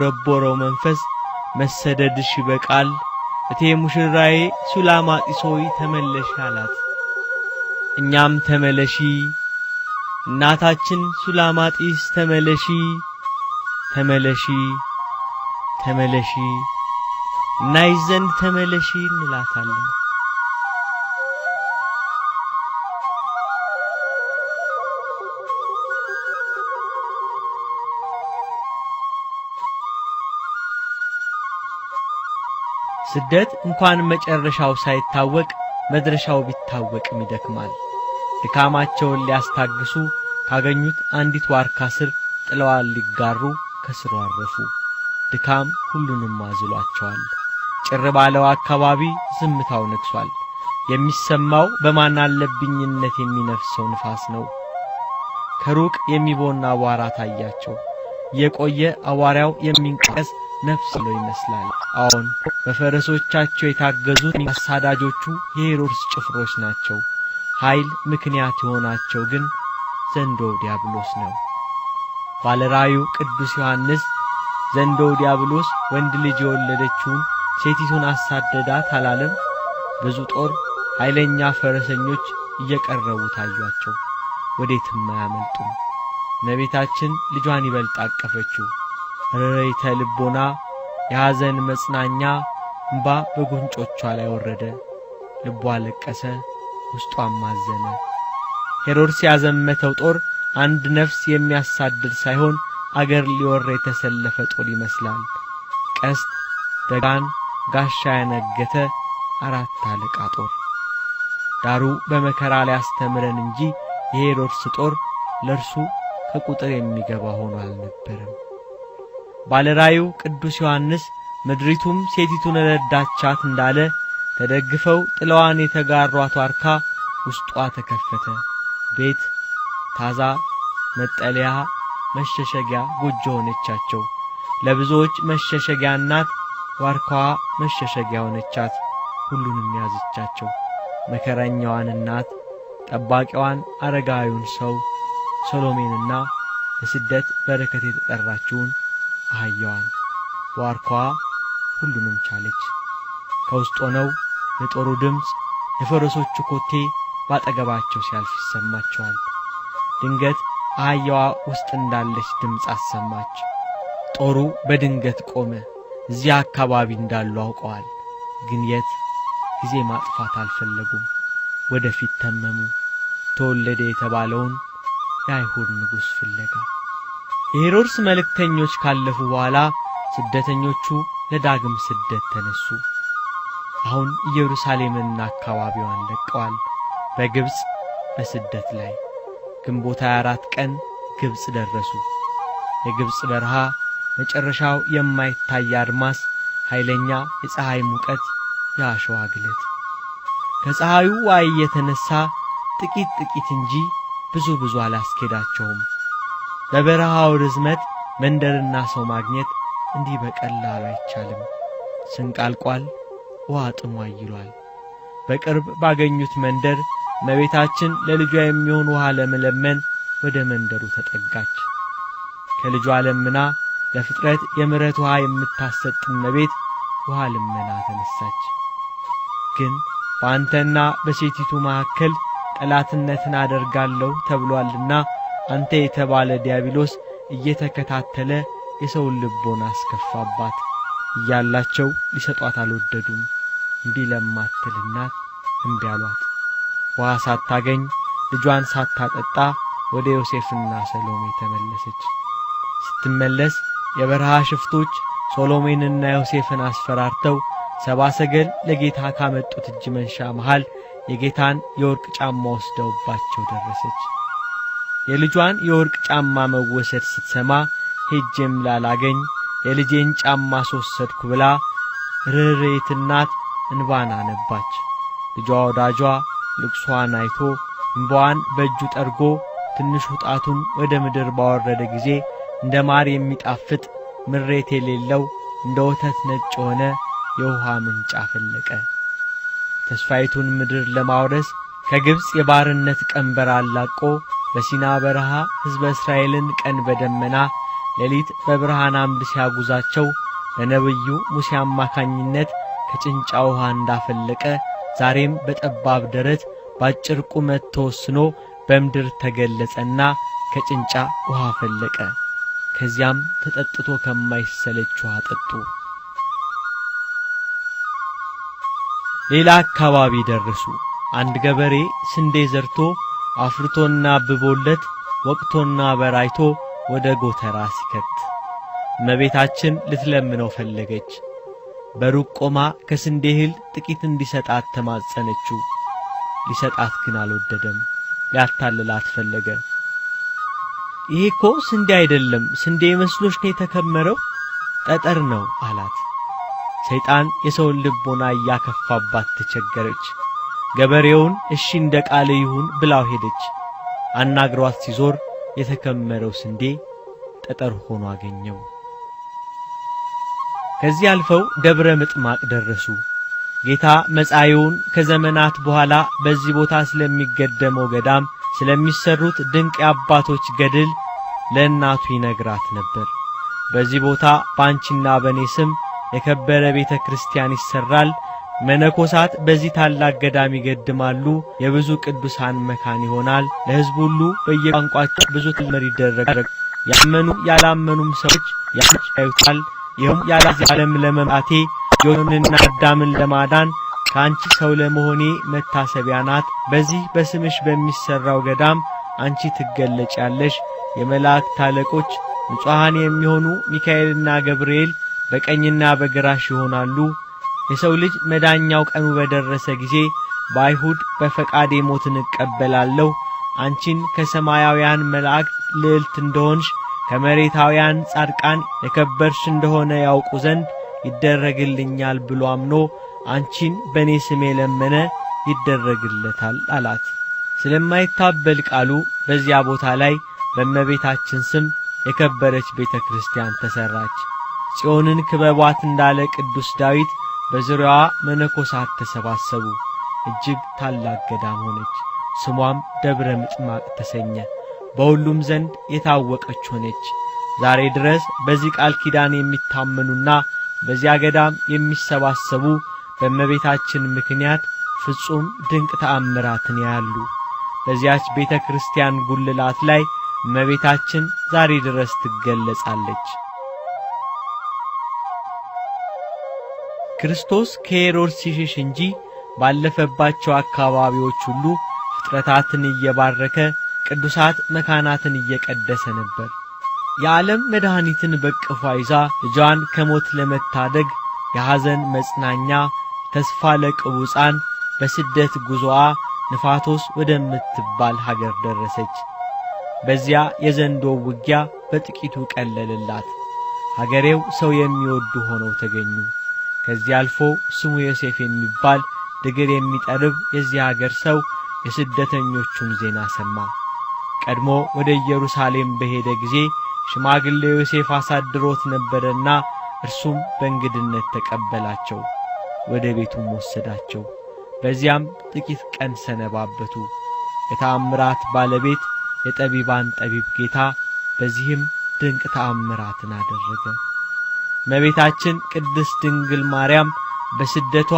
ረቦረው መንፈስ መሰደድሽ ይበቃል፣ እቴ ሙሽራዬ ሱላማጢስ ሆይ ተመለሽ አላት። እኛም ተመለሺ እናታችን ሱላማጢስ ተመለሺ ተመለሺ ተመለሺ እናይሽ ዘንድ ተመለሺ እንላታለን። ስደት እንኳን መጨረሻው ሳይታወቅ መድረሻው ቢታወቅም ይደክማል። ድካማቸውን ሊያስታግሱ ካገኙት አንዲት ዋርካ ስር ጥለዋል ሊጋሩ ከስሩ አረፉ። ድካም ሁሉንም አዝሏቸዋል። ጭር ባለው አካባቢ ዝምታው ነግሷል። የሚሰማው በማን አለብኝነት የሚነፍሰው ንፋስ ነው። ከሩቅ የሚቦና አቧራ ታያቸው። የቆየ አዋሪያው የሚንቀስ ነፍስ ነው ይመስላል። አሁን በፈረሶቻቸው የታገዙት አሳዳጆቹ የሄሮድስ ጭፍሮች ናቸው። ኃይል ምክንያት የሆናቸው ግን ዘንዶው ዲያብሎስ ነው። ባለራዩ ቅዱስ ዮሐንስ ዘንዶው ዲያብሎስ ወንድ ልጅ የወለደችውን ሴቲቱን አሳደዳት አላለም? ብዙ ጦር ኃይለኛ ፈረሰኞች እየቀረቡ ታዩአቸው፣ ወዴትም አያመልጡም። እመቤታችን ልጇን ይበልጥ አቀፈችው። ረረይተ ልቦና፣ የሐዘን መጽናኛ እምባ በጉንጮቿ ላይ ወረደ። ልቧ አለቀሰ፣ ውስጧም አዘነ። ሄሮድስ ያዘመተው ጦር አንድ ነፍስ የሚያሳድድ ሳይሆን አገር ሊወር የተሰለፈ ጦር ይመስላል። ቀስት፣ ደጋን፣ ጋሻ ያነገተ አራት አለቃ ጦር። ዳሩ በመከራ ላይ አስተምረን እንጂ የሄሮድስ ጦር ለእርሱ ከቁጥር የሚገባ ሆኖ አልነበረም። ባለራእዩ ቅዱስ ዮሐንስ ምድሪቱም ሴቲቱን ረዳቻት እንዳለ ተደግፈው ጥላዋን የተጋሯት ዋርካ ውስጧ ተከፈተ። ቤት፣ ታዛ፣ መጠለያ፣ መሸሸጊያ ጎጆ ሆነቻቸው። ለብዙዎች መሸሸጊያ እናት ዋርካዋ መሸሸጊያ ሆነቻት። ሁሉንም ያዘቻቸው። መከረኛዋን እናት፣ ጠባቂዋን አረጋዊውን ሰው ሰሎሜንና ለስደት በረከት የተጠራችውን አህያዋን ዋርኳ ሁሉንም ቻለች። ከውስጥ ሆነው የጦሩ ድምፅ፣ የፈረሶቹ ኮቴ ባጠገባቸው ሲያልፍ ይሰማቸዋል። ድንገት አህያዋ ውስጥ እንዳለች ድምፅ አሰማች። ጦሩ በድንገት ቆመ። እዚያ አካባቢ እንዳሉ አውቀዋል። ግን የት? ጊዜ ማጥፋት አልፈለጉም። ወደፊት ተመሙ። ተወለደ የተባለውን የአይሁድ ንጉሥ ፍለጋ። የሄሮድስ መልእክተኞች ካለፉ በኋላ ስደተኞቹ ለዳግም ስደት ተነሱ። አሁን ኢየሩሳሌምንና አካባቢዋን ለቀዋል። በግብፅ በስደት ላይ ግንቦት 24 ቀን ግብፅ ደረሱ። የግብፅ በረሃ መጨረሻው የማይታይ አድማስ፣ ኃይለኛ የፀሐይ ሙቀት፣ የአሸዋ ግለት ከፀሐዩ ዋይ የተነሳ ጥቂት ጥቂት እንጂ ብዙ ብዙ አላስኬዳቸውም። በበረሃው ርዝመት መንደርና ሰው ማግኘት እንዲህ በቀላሉ አይቻልም። ስንቅ አልቋል፣ ውሃ ጥሟ ይሏል። በቅርብ ባገኙት መንደር እመቤታችን ለልጇ የሚሆን ውሃ ለመለመን ወደ መንደሩ ተጠጋች። ከልጇ ለምና ለፍጥረት የምሕረት ውሃ የምታሰጥ እመቤት ውሃ ልመና ተነሳች። ግን በአንተና በሴቲቱ መካከል ጠላትነትን አደርጋለሁ ተብሏልና አንተ የተባለ ዲያብሎስ እየተከታተለ የሰውን ልቦን አስከፋባት እያላቸው ሊሰጧት አልወደዱም። እምቢ ለማትል እናት እምቢ አሏት። ውሃ ሳታገኝ ልጇን ሳታጠጣ ወደ ዮሴፍና ሰሎሜ ተመለሰች። ስትመለስ የበረሃ ሽፍቶች ሶሎሜንና ዮሴፍን አስፈራርተው ሰባ ሰገል ለጌታ ካመጡት እጅ መንሻ መሃል የጌታን የወርቅ ጫማ ወስደውባቸው ደረሰች። የልጇን የወርቅ ጫማ መወሰድ ስትሰማ ሄጄም ላላገኝ የልጄን ጫማ አስወሰድኩ ብላ ርሬት እናት እንባን አነባች። ልጇ ወዳጇ ልቅሷን አይቶ እንባዋን በእጁ ጠርጎ ትንሹ ጣቱን ወደ ምድር ባወረደ ጊዜ እንደ ማር የሚጣፍጥ ምሬት የሌለው እንደ ወተት ነጭ የሆነ የውሃ ምንጭ አፈለቀ። ተስፋይቱን ምድር ለማውረስ ከግብፅ የባርነት ቀንበር አላቆ በሲና በረሃ ሕዝበ እስራኤልን ቀን በደመና ሌሊት በብርሃን አምድ ሲያጉዛቸው በነቢዩ ሙሴ አማካኝነት ከጭንጫ ውሃ እንዳፈለቀ ዛሬም በጠባብ ደረት ባጭር ቁመት ተወስኖ በምድር ተገለጸና ከጭንጫ ውሃ ፈለቀ። ከዚያም ተጠጥቶ ከማይሰለች ውሃ ጠጡ። ሌላ አካባቢ ደረሱ። አንድ ገበሬ ስንዴ ዘርቶ አፍርቶና አብቦለት ወቅቶና በራይቶ ወደ ጎተራ ሲከት እመቤታችን ልትለምነው ፈለገች። በሩቅ ቆማ ከስንዴ እህል ጥቂት እንዲሰጣት ተማጸነችው። ሊሰጣት ግን አልወደደም። ሊያታልላት ፈለገ። ይሄ እኮ ስንዴ አይደለም፣ ስንዴ መስሎሽ ነው የተከመረው፣ ጠጠር ነው አላት። ሰይጣን የሰውን ልቦና እያከፋባት ተቸገረች። ገበሬውን እሺ እንደ ቃል ይሁን ብላው ሄደች። አናግሯት ሲዞር የተከመረው ስንዴ ጠጠር ሆኖ አገኘው። ከዚህ አልፈው ደብረ ምጥማቅ ደረሱ። ጌታ መጻዩን ከዘመናት በኋላ በዚህ ቦታ ስለሚገደመው ገዳም፣ ስለሚሰሩት ድንቅ የአባቶች ገድል ለእናቱ ይነግራት ነበር። በዚህ ቦታ በአንቺና በእኔ ስም የከበረ ቤተ ክርስቲያን ይሰራል። መነኮሳት በዚህ ታላቅ ገዳም ይገድማሉ። የብዙ ቅዱሳን መካን ይሆናል። ለሕዝብ ሁሉ በየቋንቋቸው ብዙ ትምህርት ይደረጋል። ያመኑ ያላመኑም ሰዎች ያዩታል። ይኸውም ያላዚ ዓለም ለመምጣቴ ዮንንና አዳምን ለማዳን ከአንቺ ሰው ለመሆኔ መታሰቢያ ናት። በዚህ በስምሽ በሚሠራው ገዳም አንቺ ትገለጫለሽ። የመላእክት አለቆች ንጹሐን የሚሆኑ ሚካኤልና ገብርኤል በቀኝና በግራሽ ይሆናሉ። የሰው ልጅ መዳኛው ቀኑ በደረሰ ጊዜ በአይሁድ በፈቃዴ ሞትን እቀበላለሁ፣ አንቺን ከሰማያውያን መላእክት ልዕልት እንደሆንሽ ከመሬታውያን ጻድቃን የከበርሽ እንደሆነ ያውቁ ዘንድ ይደረግልኛል ብሎ አምኖ አንቺን በእኔ ስም የለመነ ይደረግለታል አላት። ስለማይታበል ቃሉ በዚያ ቦታ ላይ በእመቤታችን ስም የከበረች ቤተ ክርስቲያን ተሠራች። ጽዮንን ክበቧት እንዳለ ቅዱስ ዳዊት በዙሪያዋ መነኮሳት ተሰባሰቡ። እጅግ ታላቅ ገዳም ሆነች። ስሟም ደብረ ምጥማቅ ተሰኘ። በሁሉም ዘንድ የታወቀች ሆነች። ዛሬ ድረስ በዚህ ቃል ኪዳን የሚታመኑና በዚያ ገዳም የሚሰባሰቡ በእመቤታችን ምክንያት ፍጹም ድንቅ ተአምራትን ያያሉ። በዚያች ቤተ ክርስቲያን ጉልላት ላይ እመቤታችን ዛሬ ድረስ ትገለጻለች። ክርስቶስ ከሄሮድስ ሲሸሽ እንጂ ባለፈባቸው አካባቢዎች ሁሉ ፍጥረታትን እየባረከ ቅዱሳት መካናትን እየቀደሰ ነበር። የዓለም መድኃኒትን በቅፏ ይዛ ልጇን ከሞት ለመታደግ የሐዘን መጽናኛ ተስፋ ለቅቡ በስደት ጉዞዋ ንፋቶስ ወደምትባል ሀገር ደረሰች። በዚያ የዘንዶ ውጊያ በጥቂቱ ቀለልላት። ሀገሬው ሰው የሚወዱ ሆነው ተገኙ። ከዚህ አልፎ ስሙ ዮሴፍ የሚባል ድግር የሚጠርብ የዚህ አገር ሰው የስደተኞቹን ዜና ሰማ። ቀድሞ ወደ ኢየሩሳሌም በሄደ ጊዜ ሽማግሌ ዮሴፍ አሳድሮት ነበረና እርሱም በእንግድነት ተቀበላቸው፣ ወደ ቤቱም ወሰዳቸው። በዚያም ጥቂት ቀን ሰነባበቱ። የተአምራት ባለቤት የጠቢባን ጠቢብ ጌታ በዚህም ድንቅ ተአምራትን አደረገ። መቤታችን ቅድስት ድንግል ማርያም በስደቷ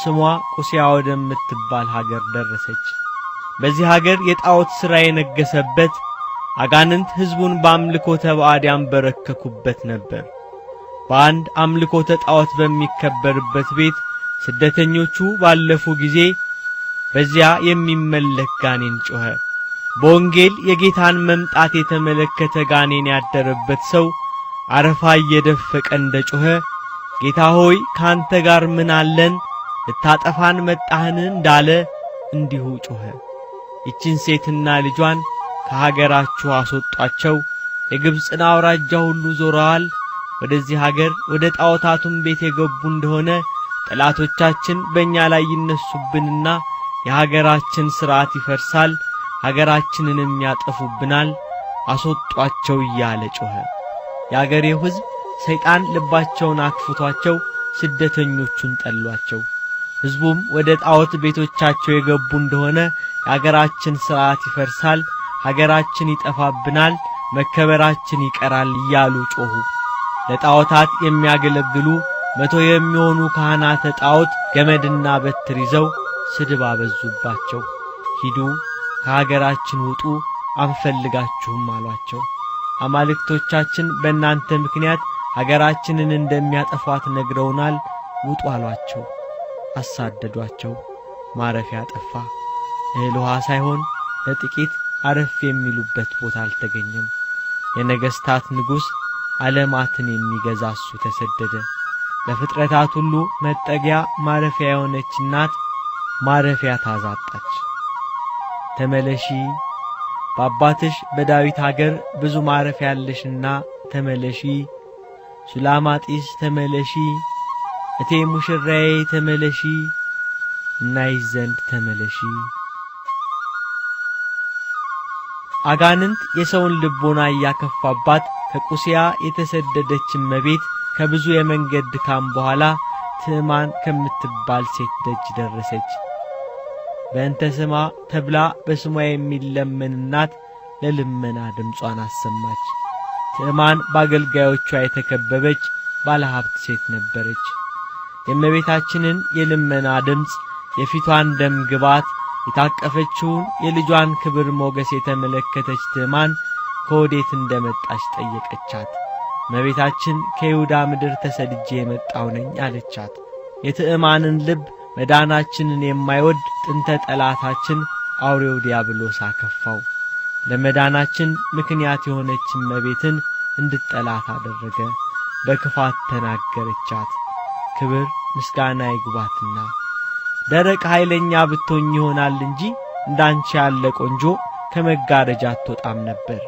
ስሟ ቁስያ ወደምትባል ሀገር ደረሰች። በዚህ ሀገር የጣዖት ሥራ የነገሰበት አጋንንት ሕዝቡን በአምልኮተ ባዕድ ያንበረከኩበት ነበር። በአንድ አምልኮተ ጣዖት በሚከበርበት ቤት ስደተኞቹ ባለፉ ጊዜ በዚያ የሚመለክ ጋኔን ጮኸ። በወንጌል የጌታን መምጣት የተመለከተ ጋኔን ያደረበት ሰው አረፋ እየደፈቀ እንደ ጮኸ ጌታ ሆይ ካንተ ጋር ምን አለን ልታጠፋን መጣህን እንዳለ እንዲሁ ጮኸ። ይችን ሴትና ልጇን ከሀገራችሁ አስወጧቸው። የግብፅን አውራጃ ሁሉ ዞረዋል። ወደዚህ ሀገር ወደ ጣዖታቱም ቤት የገቡ እንደሆነ ጠላቶቻችን በእኛ ላይ ይነሱብንና የሀገራችን ሥርዓት ይፈርሳል፣ ሀገራችንንም ያጠፉብናል። አስወጧቸው እያለ ጮኸ። የአገሬው ሕዝብ ሰይጣን ልባቸውን አክፍቷቸው ስደተኞቹን ጠሏቸው። ሕዝቡም ወደ ጣዖት ቤቶቻቸው የገቡ እንደሆነ የአገራችን ሥርዓት ይፈርሳል፣ ሀገራችን ይጠፋብናል፣ መከበራችን ይቀራል እያሉ ጮኹ። ለጣዖታት የሚያገለግሉ መቶ የሚሆኑ ካህናተ ጣዖት ገመድና በትር ይዘው ስድብ አበዙባቸው። ሂዱ፣ ከሀገራችን ውጡ፣ አንፈልጋችሁም አሏቸው። አማልክቶቻችን በእናንተ ምክንያት አገራችንን እንደሚያጠፏት ነግረውናል፣ ውጡ አሏቸው። አሳደዷቸው። ማረፊያ ጠፋ። እህል ውሃ ሳይሆን ለጥቂት አረፍ የሚሉበት ቦታ አልተገኘም። የነገሥታት ንጉሥ ዓለማትን የሚገዛ እሱ ተሰደደ። ለፍጥረታት ሁሉ መጠጊያ ማረፊያ የሆነች እናት ማረፊያ ታዛጣች። ተመለሺ በአባትሽ በዳዊት አገር ብዙ ማረፍ ያለሽና ተመለሺ፣ ሱላማጢስ ተመለሺ፣ እቴ ሙሽራዬ ተመለሺ፣ እናይ ዘንድ ተመለሺ። አጋንንት የሰውን ልቦና እያከፋባት ከቁስያ የተሰደደች እመቤት ከብዙ የመንገድ ድካም በኋላ ትዕማን ከምትባል ሴት ደጅ ደረሰች። በእንተ ስማ ተብላ በስሟ እናት ለልመና ድምጿን አሰማች። ትዕማን በአገልጋዮቿ የተከበበች ባለሀብት ሴት ነበረች። የእመቤታችንን የልመና ድምፅ፣ የፊቷን ደም ግባት፣ የታቀፈችውን የልጇን ክብር ሞገስ የተመለከተች ትዕማን ከወዴት እንደ መጣች ጠየቀቻት። እመቤታችን ከይሁዳ ምድር ተሰድጄ የመጣው ነኝ አለቻት። የትዕማንን ልብ መዳናችንን የማይወድ ጥንተ ጠላታችን አውሬው ዲያብሎስ አከፋው። ለመዳናችን ምክንያት የሆነችን መቤትን እንድጠላት አደረገ። በክፋት ተናገረቻት። ክብር ምስጋና ይግባትና ደረቅ ኃይለኛ ብትሆኝ ይሆናል እንጂ እንዳንቺ ያለ ቆንጆ ከመጋረጃ አትወጣም ነበር።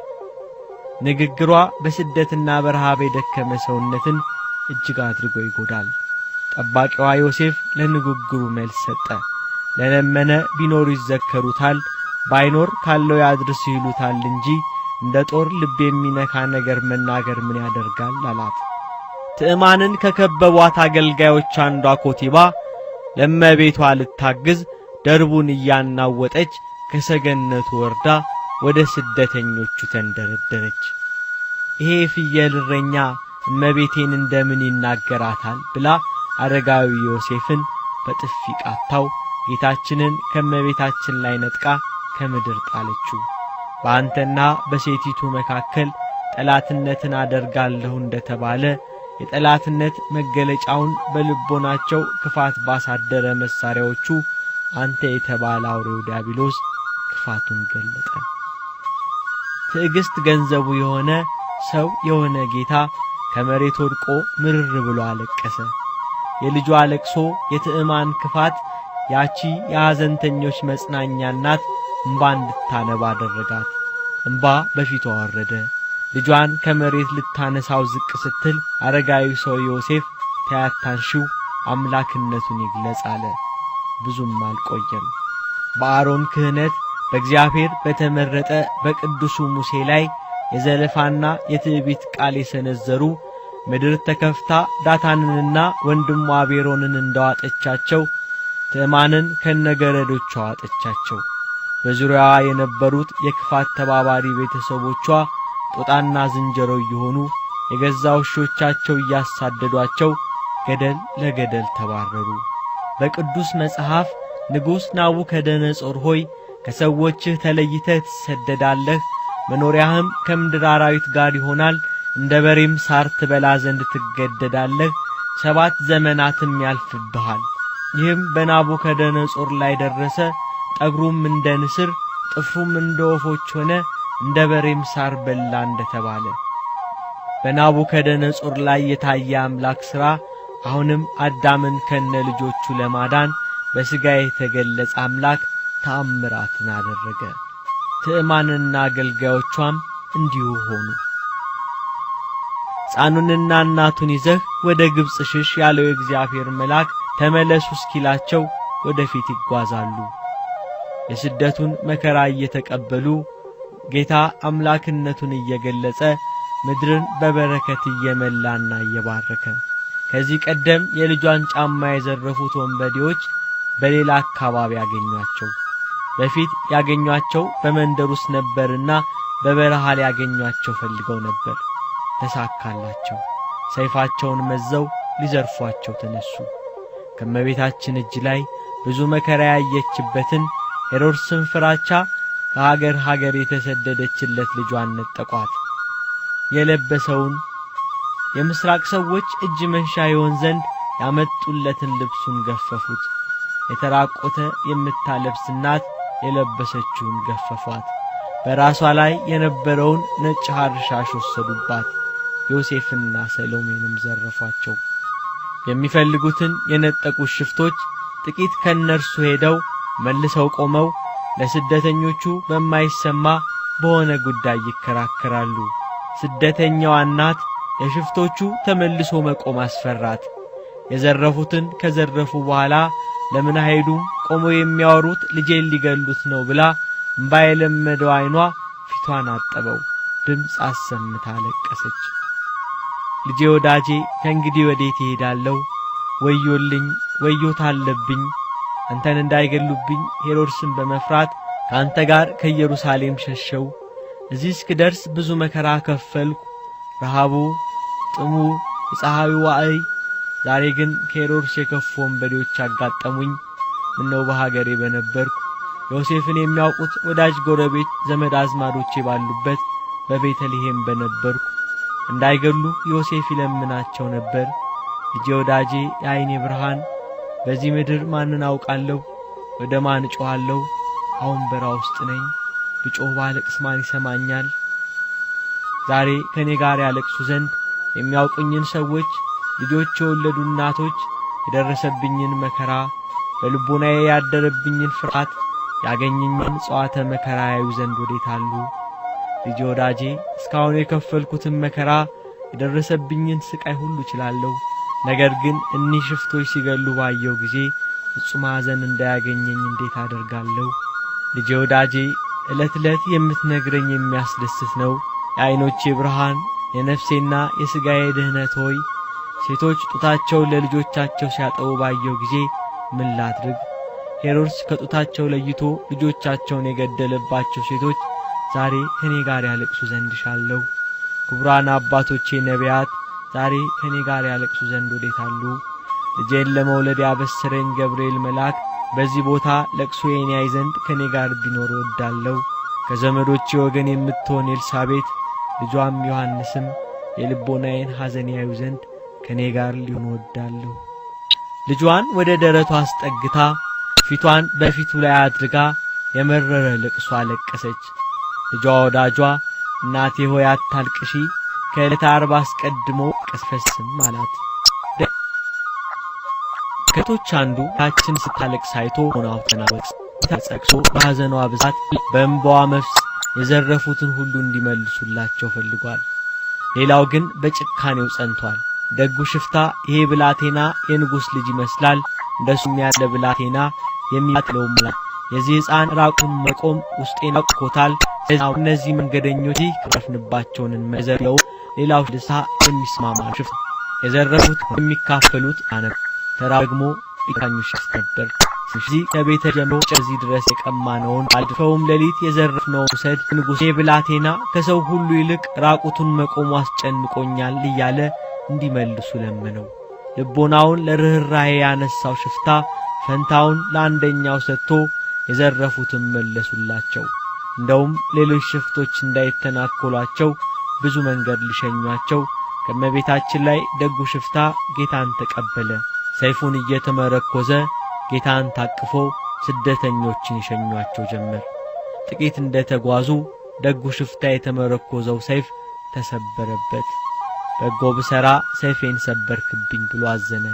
ንግግሯ በስደትና በረሃብ የደከመ ሰውነትን እጅግ አድርጎ ይጎዳል። ጠባቂዋ ዮሴፍ ለንግግሩ መልስ ሰጠ። ለለመነ ቢኖሩ ይዘከሩታል፣ ባይኖር ካለው ያድርስ ይሉታል እንጂ እንደ ጦር ልብ የሚነካ ነገር መናገር ምን ያደርጋል አላት። ትዕማንን ከከበቧት አገልጋዮች አንዷ ኮቲባ ለመቤቷ ልታግዝ ደርቡን እያናወጠች ከሰገነቱ ወርዳ ወደ ስደተኞቹ ተንደረደረች። ይሄ ፍየል እረኛ እመቤቴን እንደምን ይናገራታል ብላ አረጋዊ ዮሴፍን በጥፊ ቃታው ጌታችንን ከመቤታችን ላይ ነጥቃ ከምድር ጣለችው። በአንተና በሴቲቱ መካከል ጠላትነትን አደርጋለሁ እንደተባለ የጠላትነት መገለጫውን በልቦናቸው ክፋት ባሳደረ መሳሪያዎቹ አንተ የተባለ አውሬው ዲያብሎስ ክፋቱን ገለጠ። ትዕግስት ገንዘቡ የሆነ ሰው የሆነ ጌታ ከመሬት ወድቆ ምርር ብሎ አለቀሰ። የልጇ ለቅሶ፣ የትዕማን ክፋት ያቺ የሐዘንተኞች መጽናኛ እናት እምባ እንድታነባ አደረጋት። እምባ በፊቷ ወረደ። ልጇን ከመሬት ልታነሳው ዝቅ ስትል አረጋዊ ሰው ዮሴፍ ተያታንሽው አምላክነቱን ይግለጽ አለ። ብዙም አልቆየም። በአሮን ክህነት በእግዚአብሔር በተመረጠ በቅዱሱ ሙሴ ላይ የዘለፋና የትዕቢት ቃል የሰነዘሩ ምድር ተከፍታ ዳታንንና ወንድሟ አቤሮንን እንደዋጠቻቸው ትዕማንን ከነገረዶቿ አጠቻቸው። በዙሪያዋ የነበሩት የክፋት ተባባሪ ቤተሰቦቿ ጦጣና ዝንጀሮ እየሆኑ የገዛ ውሾቻቸው እያሳደዷቸው ገደል ለገደል ተባረሩ። በቅዱስ መጽሐፍ ንጉሥ ናቡከደነጾር ሆይ ከሰዎችህ ተለይተህ ትሰደዳለህ፣ መኖሪያህም ከምድር አራዊት ጋር ይሆናል እንደ በሬም ሳር ትበላ ዘንድ ትገደዳለህ፣ ሰባት ዘመናትም ያልፍብሃል። ይህም በናቡከደነጾር ላይ ደረሰ። ጠጉሩም እንደ ንስር፣ ጥፍሩም እንደ ወፎች ሆነ፣ እንደ በሬም ሳር በላ እንደ ተባለ በናቡከደነጾር ላይ የታየ አምላክ ሥራ አሁንም አዳምን ከነ ልጆቹ ለማዳን በሥጋ የተገለጸ አምላክ ተአምራትን አደረገ። ትዕማንና አገልጋዮቿም እንዲሁ ሆኑ። ሕፃኑንና እናቱን ይዘህ ወደ ግብፅ ሽሽ ያለው የእግዚአብሔር መልአክ ተመለሱ እስኪላቸው ወደ ፊት ይጓዛሉ። የስደቱን መከራ እየተቀበሉ ጌታ አምላክነቱን እየገለጸ ምድርን በበረከት እየመላና እየባረከ ከዚህ ቀደም የልጇን ጫማ የዘረፉት ወንበዴዎች በሌላ አካባቢ ያገኟቸው። በፊት ያገኟቸው በመንደር ውስጥ ነበርና በበረሃ ሊያገኟቸው ፈልገው ነበር። ተሳካላቸው። ሰይፋቸውን መዘው ሊዘርፏቸው ተነሱ። ከመቤታችን እጅ ላይ ብዙ መከራ ያየችበትን ሄሮድስን ፍራቻ ከሀገር ሀገር የተሰደደችለት ልጇን ነጠቋት። የለበሰውን የምስራቅ ሰዎች እጅ መንሻ ይሆን ዘንድ ያመጡለትን ልብሱን ገፈፉት። የተራቆተ የምታለብስ እናት የለበሰችውን ገፈፏት። በራሷ ላይ የነበረውን ነጭ ሐር ሻሽ ወሰዱባት። ዮሴፍና ሰሎሜንም ዘረፏቸው። የሚፈልጉትን የነጠቁ ሽፍቶች ጥቂት ከነርሱ ሄደው መልሰው ቆመው ለስደተኞቹ በማይሰማ በሆነ ጉዳይ ይከራከራሉ። ስደተኛዋ እናት ለሽፍቶቹ ተመልሶ መቆም አስፈራት። የዘረፉትን ከዘረፉ በኋላ ለምን አይሄዱም? ቆመው የሚያወሩት ልጄን ሊገሉት ነው ብላ እምባ የለመደው ዓይኗ ፊቷን አጠበው። ድምፅ አሰምታ አለቀሰች። ልጄ ወዳጄ ከእንግዲህ ወዴት ይሄዳለሁ? ወዮልኝ፣ ወዮት አለብኝ። አንተን እንዳይገሉብኝ ሄሮድስን በመፍራት ከአንተ ጋር ከኢየሩሳሌም ሸሸው። እዚህ እስክደርስ ብዙ መከራ ከፈልኩ። ረሃቡ፣ ጥሙ፣ የፀሐዩ ዋዕይ። ዛሬ ግን ከሄሮድስ የከፉ ወንበዴዎች አጋጠሙኝ። ምነው በሀገሬ በነበርኩ። ዮሴፍን የሚያውቁት ወዳጅ፣ ጎረቤት፣ ዘመድ አዝማዶቼ ባሉበት በቤተልሔም በነበርኩ። እንዳይገሉ ዮሴፍ ይለምናቸው ነበር። ልጄ ወዳጄ፣ የዓይኔ ብርሃን፣ በዚህ ምድር ማንን አውቃለሁ? ወደ ማን እጮኋለሁ? አሁን በራ ውስጥ ነኝ። ብጮህ ባለቅስ ማን ይሰማኛል? ዛሬ ከእኔ ጋር ያለቅሱ ዘንድ የሚያውቁኝን ሰዎች፣ ልጆች የወለዱ እናቶች፣ የደረሰብኝን መከራ፣ በልቦናዬ ያደረብኝን ፍርሃት፣ ያገኘኝን ጸዋተ መከራ ያዩ ዘንድ ወዴት አሉ? ልጄ ወዳጄ እስካሁን የከፈልኩትን መከራ የደረሰብኝን ስቃይ ሁሉ እችላለሁ። ነገር ግን እኒህ ሽፍቶች ሲገሉ ባየው ጊዜ ፍጹም ሐዘን እንዳያገኘኝ እንዴት አደርጋለሁ? ልጅ ወዳጄ ዕለት ዕለት የምትነግረኝ የሚያስደስት ነው። የዐይኖቼ ብርሃን፣ የነፍሴና የሥጋዬ ድኅነት ሆይ ሴቶች ጡታቸውን ለልጆቻቸው ሲያጠቡ ባየው ጊዜ ምን ላድርግ? ሄሮድስ ከጡታቸው ለይቶ ልጆቻቸውን የገደለባቸው ሴቶች ዛሬ ከኔ ጋር ያለቅሱ ዘንድ ሻለሁ። ክቡራን አባቶቼ ነቢያት ዛሬ ከኔ ጋር ያለቅሱ ዘንድ ወዴት አሉ? ልጄን ለመውለድ ያበሰረኝ ገብርኤል መልአክ በዚህ ቦታ ለቅሶ ያይ ዘንድ ከእኔ ጋር ቢኖር ወዳለሁ። ከዘመዶቼ ወገን የምትሆን ኤልሳቤት ልጇም ዮሐንስም የልቦናዬን ሐዘን ያዩ ዘንድ ከእኔ ጋር ሊሆን ወዳለሁ። ልጇን ወደ ደረቷ አስጠግታ ፊቷን በፊቱ ላይ አድርጋ የመረረ ልቅሶ አለቀሰች። ልጇ ወዳጇ እናቴ ሆይ አታልቅሺ፣ ከዕለተ ዓርብ አስቀድሞ ቀስፈስም አላት። ከቶች አንዱ ታችን ስታለቅስ ሳይቶ ሆናው ተናወጥ ተጸቅሶ በሐዘኗ ብዛት በእንባዋ መፍስ የዘረፉትን ሁሉ እንዲመልሱላቸው ፈልጓል። ሌላው ግን በጭካኔው ጸንቷል። ደጉ ሽፍታ ይሄ ብላቴና የንጉሥ ልጅ ይመስላል፣ እንደሱ ያለ ብላቴና የሚያጥለው የዚህ ሕፃን ራቁን መቆም ውስጤን አውቅኮታል እዛው እነዚህ መንገደኞች ከረፍንባቸውን መዘለው ሌላው ልሳ የሚስማማ ሽፍ የዘረፉት የሚካፈሉት አነብ ተራ ደግሞ እቃኞች ነበር። ስለዚህ ከቤተ ጀምሮ ጨዚህ ድረስ የቀማነውን አልፈውም ሌሊት የዘረፍነውን ውሰድ ንጉሴ ብላቴና ከሰው ሁሉ ይልቅ ራቁቱን መቆሙ አስጨንቆኛል እያለ እንዲመልሱ ለመነው። ልቦናውን ለርኅራኄ ያነሳው ሽፍታ ፈንታውን ለአንደኛው ሰጥቶ የዘረፉትን መለሱላቸው። እንደውም ሌሎች ሽፍቶች እንዳይተናኮሏቸው ብዙ መንገድ ሊሸኟቸው ከመቤታችን ላይ ደጉ ሽፍታ ጌታን ተቀበለ። ሰይፉን እየተመረኮዘ ጌታን ታቅፎ ስደተኞችን ይሸኟቸው ጀመር። ጥቂት እንደ ተጓዙ ደጉ ሽፍታ የተመረኮዘው ሰይፍ ተሰበረበት። በጎ ብሰራ ሰይፌን ሰበርክብኝ ብሎ አዘነ።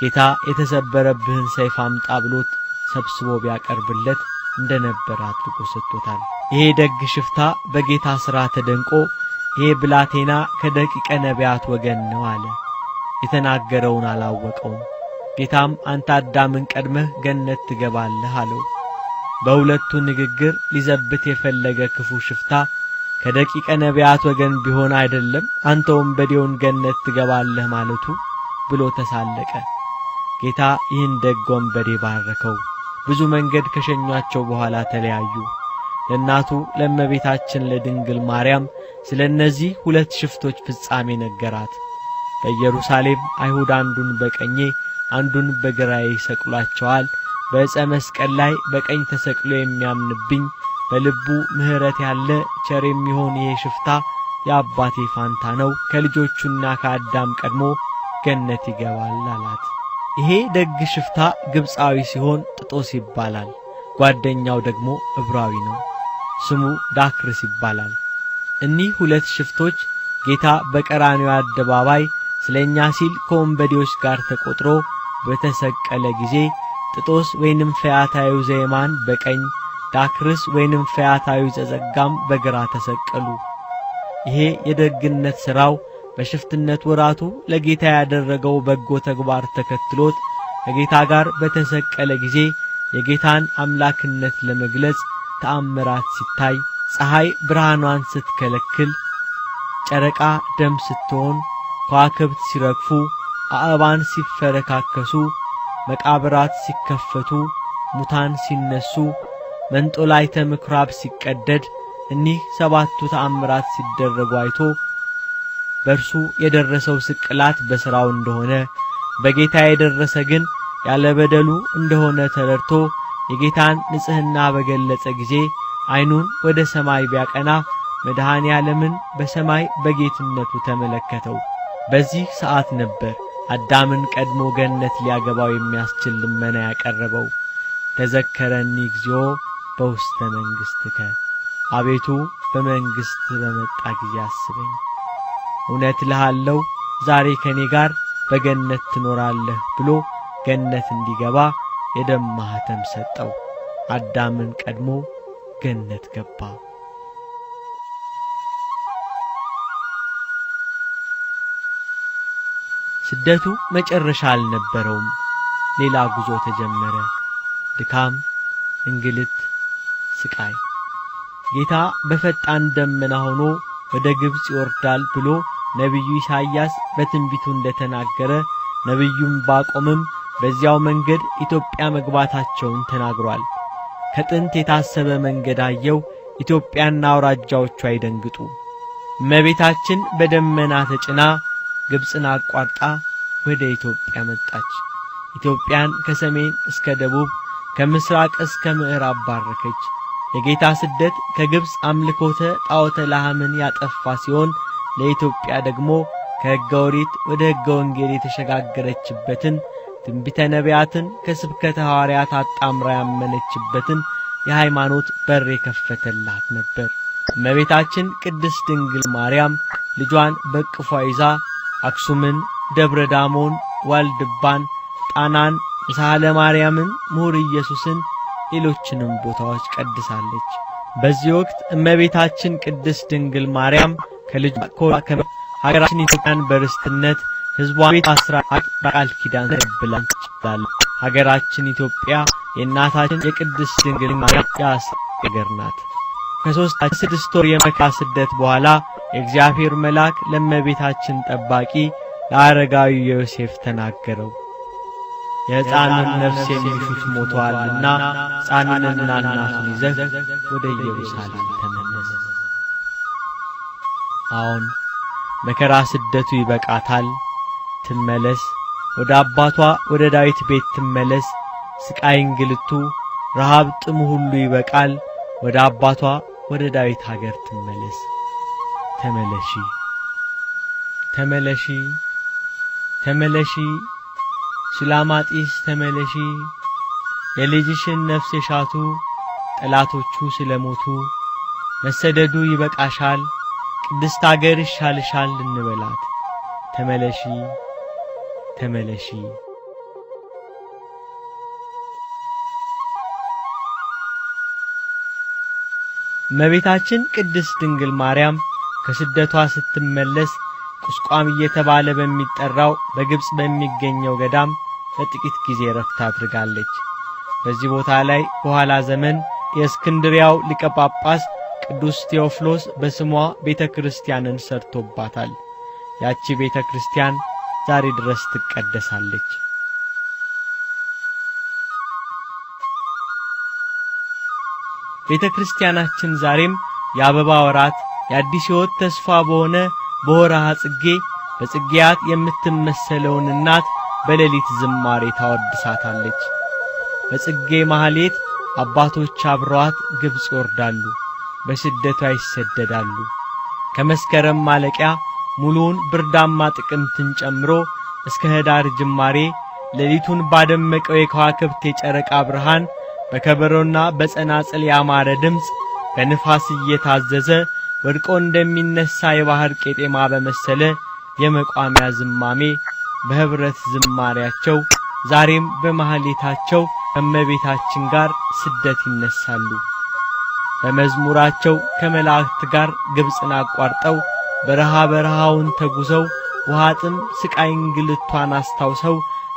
ጌታ የተሰበረብህን ሰይፍ አምጣ ብሎት ሰብስቦ ቢያቀርብለት እንደ ነበር አድርጎ ሰጥቶታል። ይሄ ደግ ሽፍታ በጌታ ሥራ ተደንቆ ይሄ ብላቴና ከደቂቀ ነቢያት ወገን ነው አለ። የተናገረውን አላወቀውም። ጌታም አንተ አዳምን ቀድመህ ገነት ትገባለህ አለው። በሁለቱ ንግግር ሊዘብት የፈለገ ክፉ ሽፍታ ከደቂቀ ነቢያት ወገን ቢሆን አይደለም አንተ ወንበዴውን ገነት ትገባለህ ማለቱ ብሎ ተሳለቀ። ጌታ ይህን ደግ ወንበዴ ባረከው። ብዙ መንገድ ከሸኟቸው በኋላ ተለያዩ። ለእናቱ ለእመቤታችን ለድንግል ማርያም ስለ እነዚህ ሁለት ሽፍቶች ፍጻሜ ነገራት። በኢየሩሳሌም አይሁድ አንዱን በቀኜ አንዱን በግራዬ ይሰቅሏቸዋል። በዕፀ መስቀል ላይ በቀኝ ተሰቅሎ የሚያምንብኝ በልቡ ምሕረት ያለ ቸር የሚሆን ይሄ ሽፍታ የአባቴ ፋንታ ነው፣ ከልጆቹና ከአዳም ቀድሞ ገነት ይገባል አላት። ይሄ ደግ ሽፍታ ግብፃዊ ሲሆን ጥጦስ ይባላል። ጓደኛው ደግሞ ዕብራዊ ነው፣ ስሙ ዳክርስ ይባላል። እኒህ ሁለት ሽፍቶች ጌታ በቀራንዮ አደባባይ ስለኛ ሲል ከወንበዴዎች ጋር ተቆጥሮ በተሰቀለ ጊዜ ጥጦስ ወይንም ፈያታዊ ዘይማን በቀኝ ዳክርስ ወይንም ፈያታዊ ዘጸጋም በግራ ተሰቀሉ። ይሄ የደግነት ሥራው በሽፍትነት ወራቱ ለጌታ ያደረገው በጎ ተግባር ተከትሎት ከጌታ ጋር በተሰቀለ ጊዜ የጌታን አምላክነት ለመግለጽ ተአምራት ሲታይ፣ ፀሐይ ብርሃኗን ስትከለክል፣ ጨረቃ ደም ስትሆን፣ ከዋክብት ሲረግፉ፣ አእባን ሲፈረካከሱ፣ መቃብራት ሲከፈቱ፣ ሙታን ሲነሱ፣ መንጦላይተ ምኵራብ ሲቀደድ፣ እኒህ ሰባቱ ተአምራት ሲደረጉ አይቶ በእርሱ የደረሰው ስቅላት በሥራው እንደሆነ በጌታ የደረሰ ግን ያለ በደሉ እንደሆነ ተረድቶ የጌታን ንጽሕና በገለጸ ጊዜ ዐይኑን ወደ ሰማይ ቢያቀና መድኃኔ ዓለምን በሰማይ በጌትነቱ ተመለከተው። በዚህ ሰዓት ነበር አዳምን ቀድሞ ገነት ሊያገባው የሚያስችል ልመና ያቀረበው። ተዘከረኒ እግዚኦ በውስተ መንግሥትከ፣ አቤቱ በመንግሥት በመጣ ጊዜ አስበኝ። እውነት እልሃለሁ ዛሬ ከእኔ ጋር በገነት ትኖራለህ ብሎ ገነት እንዲገባ የደም ማኅተም ሰጠው። አዳምን ቀድሞ ገነት ገባ። ስደቱ መጨረሻ አልነበረውም። ሌላ ጉዞ ተጀመረ። ድካም፣ እንግልት፣ ስቃይ። ጌታ በፈጣን ደመና ሆኖ ወደ ግብፅ ይወርዳል ብሎ ነቢዩ ኢሳይያስ በትንቢቱ እንደተናገረ ነቢዩም ባቆምም በዚያው መንገድ ኢትዮጵያ መግባታቸውን ተናግሯል። ከጥንት የታሰበ መንገድ አየው፣ ኢትዮጵያና አውራጃዎቹ አይደንግጡ። እመቤታችን በደመና ተጭና ግብፅን አቋርጣ ወደ ኢትዮጵያ መጣች። ኢትዮጵያን ከሰሜን እስከ ደቡብ ከምሥራቅ እስከ ምዕራብ ባረከች። የጌታ ስደት ከግብፅ አምልኮተ ጣዖተ ላህምን ያጠፋ ሲሆን ለኢትዮጵያ ደግሞ ከሕገ ኦሪት ወደ ሕገ ወንጌል የተሸጋገረችበትን ትንቢተ ነቢያትን ከስብከተ ሐዋርያት አጣምራ ያመነችበትን የሃይማኖት በር የከፈተላት ነበር። እመቤታችን ቅድስት ድንግል ማርያም ልጇን በቅፏ ይዛ አክሱምን፣ ደብረ ዳሞን፣ ዋልድባን፣ ጣናን፣ ሳህለ ማርያምን፣ ምሁር ኢየሱስን፣ ሌሎችንም ቦታዎች ቀድሳለች። በዚህ ወቅት እመቤታችን ቅድስት ድንግል ማርያም ከልጅ ኮራ ሀገራችን ኢትዮጵያን በርስትነት ህዝቧ ቤት አስራ በቃል ኪዳን ብላን ችላለች። ሀገራችን ኢትዮጵያ የእናታችን የቅድስት ድንግል ማርያም ያስ ሀገር ናት። ከሶስት ስድስት ወር የመከራ ስደት በኋላ የእግዚአብሔር መልአክ ለመቤታችን ጠባቂ ለአረጋዊ ዮሴፍ ተናገረው። የሕፃኑን ነፍስ የሚሹት ሞተዋልና ሕፃኑንና እናቱን ይዘህ ወደ ኢየሩሳሌም ተመለስ። አዎን መከራ ስደቱ ይበቃታል። ትመለስ፣ ወደ አባቷ ወደ ዳዊት ቤት ትመለስ። ስቃይ፣ እንግልቱ፣ ረሃብ፣ ጥሙ ሁሉ ይበቃል። ወደ አባቷ ወደ ዳዊት ሀገር ትመለስ። ተመለሺ፣ ተመለሺ፣ ተመለሺ፣ ስላማጢስ ተመለሺ። የልጅሽን ነፍስ የሻቱ ጠላቶቹ ስለሞቱ መሰደዱ ይበቃሻል። ቅድስት አገር ሻልሻል እንበላት ተመለሺ ተመለሺ። መቤታችን ቅድስት ድንግል ማርያም ከስደቷ ስትመለስ ቁስቋም እየተባለ በሚጠራው በግብፅ በሚገኘው ገዳም በጥቂት ጊዜ ረፍት አድርጋለች። በዚህ ቦታ ላይ በኋላ ዘመን የእስክንድሪያው ሊቀ ጳጳስ ቅዱስ ቴዎፍሎስ በስሟ ቤተ ክርስቲያንን ሰርቶባታል። ያቺ ቤተ ክርስቲያን ዛሬ ድረስ ትቀደሳለች። ቤተ ክርስቲያናችን ዛሬም የአበባ ወራት የአዲስ ሕይወት ተስፋ በሆነ በወርሃ ጽጌ በጽጌያት የምትመሰለውን እናት በሌሊት ዝማሬ ታወድሳታለች። በጽጌ ማህሌት አባቶች አብረዋት ግብፅ ይወርዳሉ። በስደቷ ይሰደዳሉ። ከመስከረም ማለቂያ ሙሉውን ብርዳማ ጥቅምትን ጨምሮ እስከ ህዳር ጅማሬ ሌሊቱን ባደመቀው የከዋክብት የጨረቃ ብርሃን በከበሮና በጸናጽል ያማረ ድምፅ በንፋስ እየታዘዘ ወድቆ እንደሚነሳ የባህር ቄጤማ በመሰለ የመቋሚያ ዝማሜ በኅብረት ዝማሪያቸው ዛሬም በማኅሌታቸው ከመቤታችን ጋር ስደት ይነሳሉ። በመዝሙራቸው ከመላእክት ጋር ግብፅን አቋርጠው በረሃ በረሃውን ተጉዘው ውሃ ጥም ስቃይ እንግልቷን አስታውሰው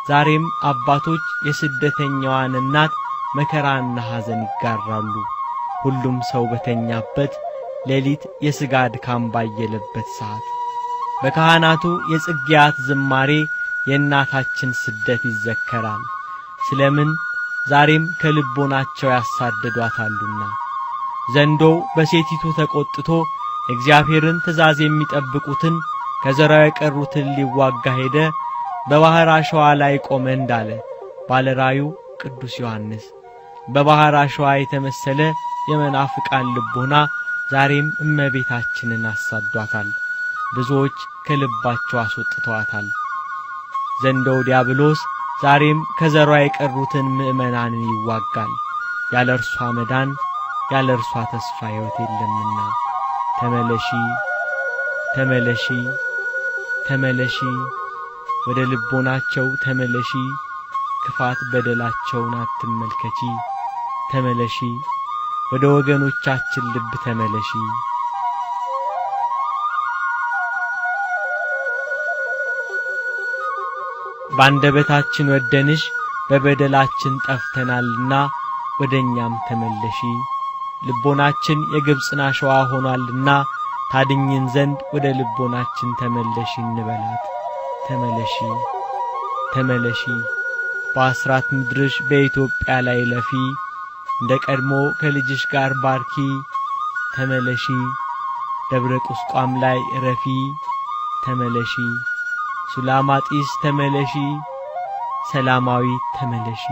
ዛሬም አባቶች የስደተኛዋን እናት መከራና ሐዘን ይጋራሉ። ሁሉም ሰው በተኛበት ሌሊት የሥጋ ድካም ባየለበት ሰዓት በካህናቱ የጽጌያት ዝማሬ የእናታችን ስደት ይዘከራል። ስለምን ዛሬም ከልቦናቸው ያሳድዷታሉና። ዘንዶው በሴቲቱ ተቆጥቶ እግዚአብሔርን ትእዛዝ የሚጠብቁትን ከዘራው የቀሩትን ሊዋጋ ሄደ፣ በባሕር አሸዋ ላይ ቆመ እንዳለ ባለራዩ ቅዱስ ዮሐንስ። በባሕር አሸዋ የተመሰለ የመናፍቃን ልቦና ዛሬም እመቤታችንን አሳዷታል። ብዙዎች ከልባቸው አስወጥተዋታል። ዘንዶው ዲያብሎስ ዛሬም ከዘሯ የቀሩትን ምእመናንን ይዋጋል። ያለ እርሷ መዳን ያለ እርሷ ተስፋ ሕይወት የለምና ተመለሺ ተመለሺ ተመለሺ ወደ ልቦናቸው ተመለሺ፣ ክፋት በደላቸውን አትመልከቺ። ተመለሺ ወደ ወገኖቻችን ልብ ተመለሺ። ባንደበታችን ወደንሽ በበደላችን ጠፍተናልና ወደኛም ተመለሺ። ልቦናችን የግብፅን አሸዋ ሆኗልና ታድኝን ዘንድ ወደ ልቦናችን ተመለሺ እንበላት። ተመለሺ ተመለሺ፣ በአስራት ምድርሽ በኢትዮጵያ ላይ ለፊ፣ እንደ ቀድሞ ከልጅሽ ጋር ባርኪ። ተመለሺ ደብረ ቁስቋም ላይ ረፊ። ተመለሺ ሱላማጢስ ተመለሺ፣ ሰላማዊት ተመለሺ።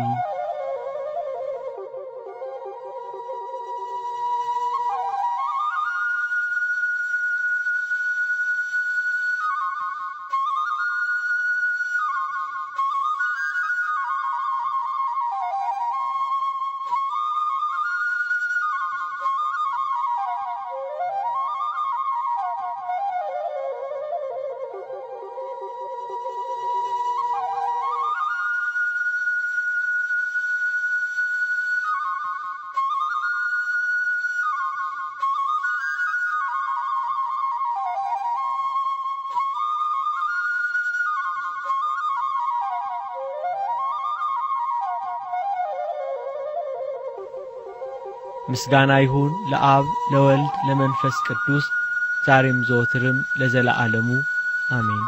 ምስጋና ይሁን ለአብ ለወልድ ለመንፈስ ቅዱስ ዛሬም ዘወትርም ለዘለዓለሙ አሜን።